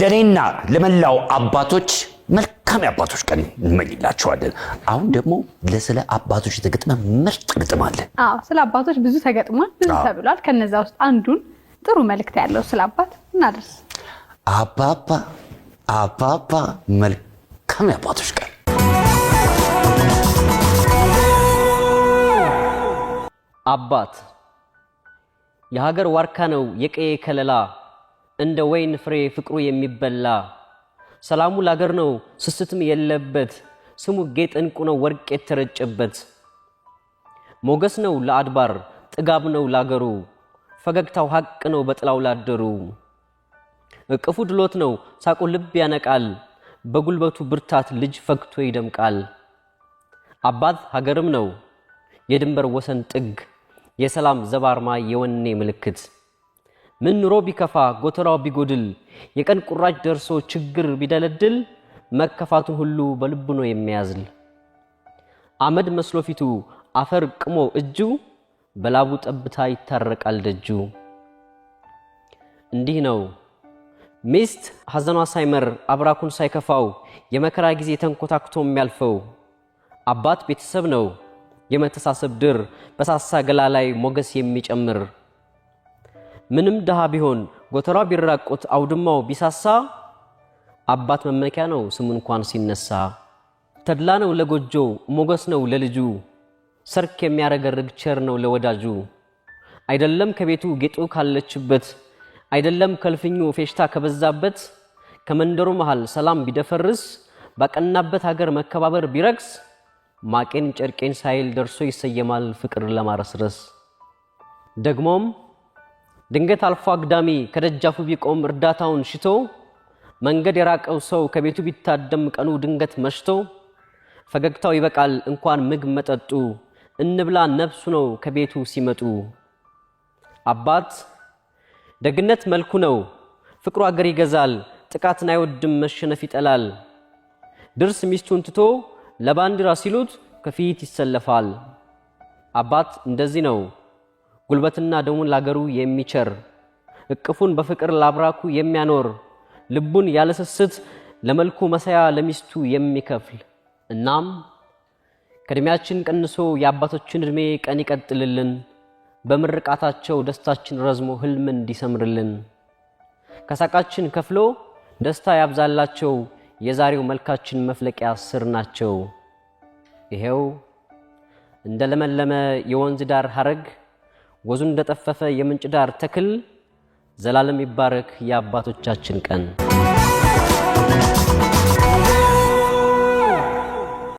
ለእኔና ለመላው አባቶች መልካም የአባቶች ቀን እንመኝላቸዋለን። አሁን ደግሞ ለስለ አባቶች የተገጥመ ምርጥ ግጥም አለ። ስለ አባቶች ብዙ ተገጥሟል፣ ብዙ ተብሏል። ከነዛ ውስጥ አንዱን ጥሩ መልእክት ያለው ስለ አባት እናደርስ። አባባ አባባ መልካም የአባቶች ቀን። አባት የሀገር ዋርካ ነው የቀየ ከለላ እንደ ወይን ፍሬ ፍቅሩ የሚበላ ሰላሙ ላገር ነው ስስትም የለበት ስሙ ጌጥ እንቁ ነው ወርቅ የተረጨበት ሞገስ ነው ለአድባር ጥጋብ ነው ላገሩ ፈገግታው ሀቅ ነው በጥላው ላደሩ እቅፉ ድሎት ነው ሳቁ ልብ ያነቃል በጉልበቱ ብርታት ልጅ ፈግቶ ይደምቃል አባት ሀገርም ነው የድንበር ወሰን ጥግ የሰላም ዘባርማ የወኔ ምልክት ምን ኑሮ ቢከፋ ጎተራው ቢጎድል የቀን ቁራጭ ደርሶ ችግር ቢደለድል መከፋቱን ሁሉ በልቡ ነው የሚያዝል። አመድ መስሎ ፊቱ አፈር ቅሞ እጁ በላቡ ጠብታ ይታረቃል ደጁ። እንዲህ ነው ሚስት ሐዘኗ ሳይመር አብራኩን ሳይከፋው የመከራ ጊዜ ተንኮታክቶ የሚያልፈው። አባት ቤተሰብ ነው የመተሳሰብ ድር በሳሳ ገላ ላይ ሞገስ የሚጨምር ምንም ድሃ ቢሆን ጎተራ ቢራቆት አውድማው ቢሳሳ አባት መመኪያ ነው ስሙ እንኳን ሲነሳ። ተድላ ነው ለጎጆው ሞገስ ነው ለልጁ ሰርክ የሚያረገርግ ቸር ነው ለወዳጁ። አይደለም ከቤቱ ጌጡ ካለችበት አይደለም ከልፍኙ ፌሽታ ከበዛበት ከመንደሩ መሃል ሰላም ቢደፈርስ ባቀናበት ሀገር መከባበር ቢረክስ ማቄን ጨርቄን ሳይል ደርሶ ይሰየማል ፍቅር ለማረስረስ ደግሞም ድንገት አልፎ አግዳሚ ከደጃፉ ቢቆም እርዳታውን ሽቶ መንገድ የራቀው ሰው ከቤቱ ቢታደም ቀኑ ድንገት መሽቶ ፈገግታው ይበቃል እንኳን ምግብ መጠጡ እንብላ ነፍሱ ነው ከቤቱ ሲመጡ። አባት ደግነት መልኩ ነው ፍቅሩ አገር ይገዛል ጥቃትን አይወድም መሸነፍ ይጠላል። ድርስ ሚስቱን ትቶ ለባንዲራ ሲሉት ከፊት ይሰለፋል። አባት እንደዚህ ነው ጉልበትና ደሙን ላገሩ የሚቸር እቅፉን በፍቅር ላብራኩ የሚያኖር ልቡን ያለስስት ለመልኩ መሳያ ለሚስቱ የሚከፍል እናም ከእድሜያችን ቀንሶ የአባቶችን ዕድሜ ቀን ይቀጥልልን፣ በምርቃታቸው ደስታችን ረዝሞ ህልም እንዲሰምርልን፣ ከሳቃችን ከፍሎ ደስታ ያብዛላቸው የዛሬው መልካችን መፍለቂያ ስር ናቸው። ይሄው እንደ ለመለመ የወንዝ ዳር ሀረግ ወዙን እንደጠፈፈ የምንጭ ዳር ተክል ዘላለም ይባረክ የአባቶቻችን ቀን።